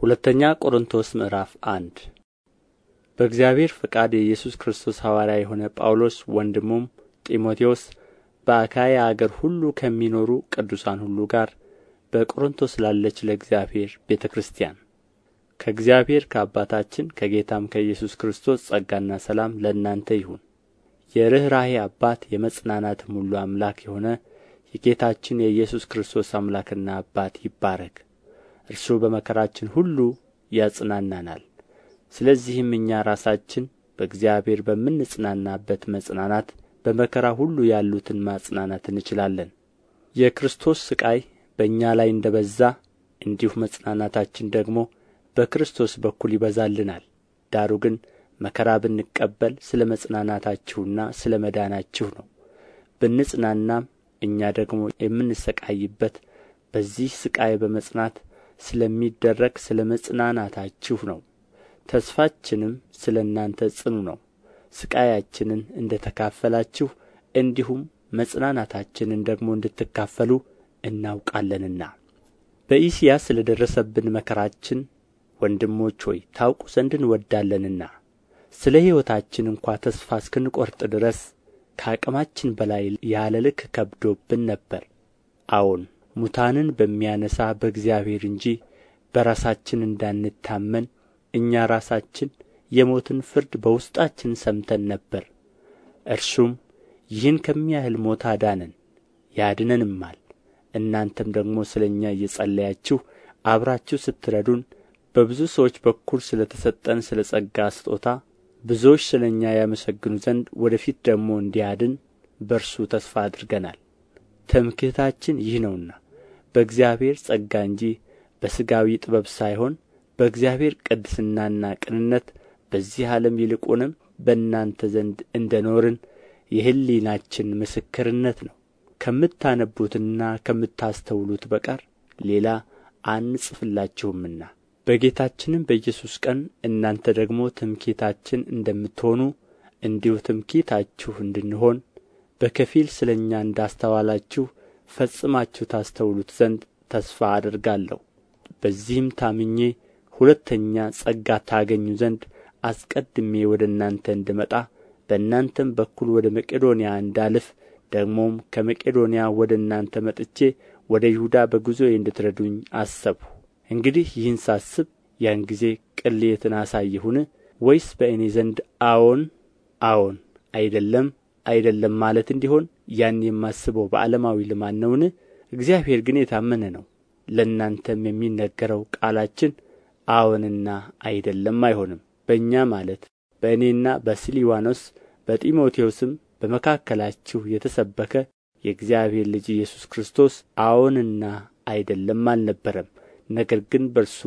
ሁለተኛ ቆሮንቶስ ምዕራፍ አንድ በእግዚአብሔር ፈቃድ የኢየሱስ ክርስቶስ ሐዋርያ የሆነ ጳውሎስ ወንድሙም ጢሞቴዎስ በአካይያ አገር ሁሉ ከሚኖሩ ቅዱሳን ሁሉ ጋር በቆሮንቶስ ላለች ለእግዚአብሔር ቤተ ክርስቲያን ከእግዚአብሔር ከአባታችን ከጌታም ከኢየሱስ ክርስቶስ ጸጋና ሰላም ለእናንተ ይሁን። የርኅራኄ አባት የመጽናናትም ሁሉ አምላክ የሆነ የጌታችን የኢየሱስ ክርስቶስ አምላክና አባት ይባረክ። እርሱ በመከራችን ሁሉ ያጽናናናል። ስለዚህም እኛ ራሳችን በእግዚአብሔር በምንጽናናበት መጽናናት በመከራ ሁሉ ያሉትን ማጽናናት እንችላለን። የክርስቶስ ሥቃይ በእኛ ላይ እንደ በዛ እንዲሁ መጽናናታችን ደግሞ በክርስቶስ በኩል ይበዛልናል። ዳሩ ግን መከራ ብንቀበል ስለ መጽናናታችሁና ስለ መዳናችሁ ነው። ብንጽናናም እኛ ደግሞ የምንሰቃይበት በዚህ ሥቃይ በመጽናት ስለሚደረግ ስለ መጽናናታችሁ ነው ተስፋችንም ስለ እናንተ ጽኑ ነው ሥቃያችንን እንደ ተካፈላችሁ እንዲሁም መጽናናታችንን ደግሞ እንድትካፈሉ እናውቃለንና በኢስያ ስለ ደረሰብን መከራችን ወንድሞች ሆይ ታውቁ ዘንድ እንወዳለንና ስለ ሕይወታችን እንኳ ተስፋ እስክንቈርጥ ድረስ ከአቅማችን በላይ ያለ ልክ ከብዶብን ነበር አዎን ሙታንን በሚያነሣ በእግዚአብሔር እንጂ በራሳችን እንዳንታመን እኛ ራሳችን የሞትን ፍርድ በውስጣችን ሰምተን ነበር እርሱም ይህን ከሚያህል ሞት አዳነን ያድነንማል እናንተም ደግሞ ስለ እኛ እየጸለያችሁ አብራችሁ ስትረዱን በብዙ ሰዎች በኩል ስለ ተሰጠን ስለ ጸጋ ስጦታ ብዙዎች ስለ እኛ ያመሰግኑ ዘንድ ወደ ፊት ደግሞ እንዲያድን በእርሱ ተስፋ አድርገናል ትምክህታችን ይህ ነውና በእግዚአብሔር ጸጋ እንጂ በሥጋዊ ጥበብ ሳይሆን በእግዚአብሔር ቅድስናና ቅንነት በዚህ ዓለም ይልቁንም በእናንተ ዘንድ እንደ ኖርን የሕሊናችን ምስክርነት ነው ከምታነቡትና ከምታስተውሉት በቀር ሌላ አንጽፍላችሁምና በጌታችንም በኢየሱስ ቀን እናንተ ደግሞ ትምኪታችን እንደምትሆኑ እንዲሁ ትምኪታችሁ እንድንሆን በከፊል ስለ እኛ እንዳስተዋላችሁ ፈጽማችሁ ታስተውሉት ዘንድ ተስፋ አደርጋለሁ በዚህም ታምኜ ሁለተኛ ጸጋ ታገኙ ዘንድ አስቀድሜ ወደ እናንተ እንድመጣ በእናንተም በኩል ወደ መቄዶንያ እንዳልፍ ደግሞም ከመቄዶንያ ወደ እናንተ መጥቼ ወደ ይሁዳ በጉዞዬ እንድትረዱኝ አሰብሁ። እንግዲህ ይህን ሳስብ ያን ጊዜ ቅሌትን አሳየሁን? ወይስ በእኔ ዘንድ አዎን አዎን አይደለም አይደለም ማለት እንዲሆን ያን የማስበው በዓለማዊ ልማድ ነውን እግዚአብሔር ግን የታመነ ነው ለእናንተም የሚነገረው ቃላችን አዎንና አይደለም አይሆንም በእኛ ማለት በእኔና በስሊዋኖስ በጢሞቴዎስም በመካከላችሁ የተሰበከ የእግዚአብሔር ልጅ ኢየሱስ ክርስቶስ አዎንና አይደለም አልነበረም ነገር ግን በእርሱ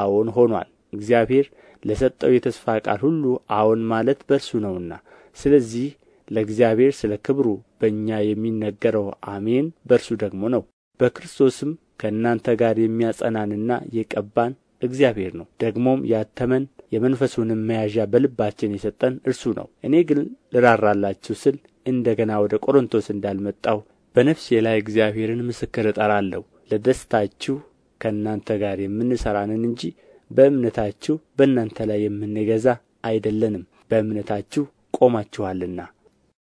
አዎን ሆኗል እግዚአብሔር ለሰጠው የተስፋ ቃል ሁሉ አዎን ማለት በእርሱ ነውና ስለዚህ ለእግዚአብሔር ስለ ክብሩ በእኛ የሚነገረው አሜን በእርሱ ደግሞ ነው በክርስቶስም ከእናንተ ጋር የሚያጸናንና የቀባን እግዚአብሔር ነው ደግሞም ያተመን የመንፈሱንም መያዣ በልባችን የሰጠን እርሱ ነው እኔ ግን ልራራላችሁ ስል እንደ ገና ወደ ቆሮንቶስ እንዳልመጣሁ በነፍሴ ላይ እግዚአብሔርን ምስክር እጠራለሁ ለደስታችሁ ከእናንተ ጋር የምንሠራንን እንጂ በእምነታችሁ በእናንተ ላይ የምንገዛ አይደለንም በእምነታችሁ ቆማችኋልና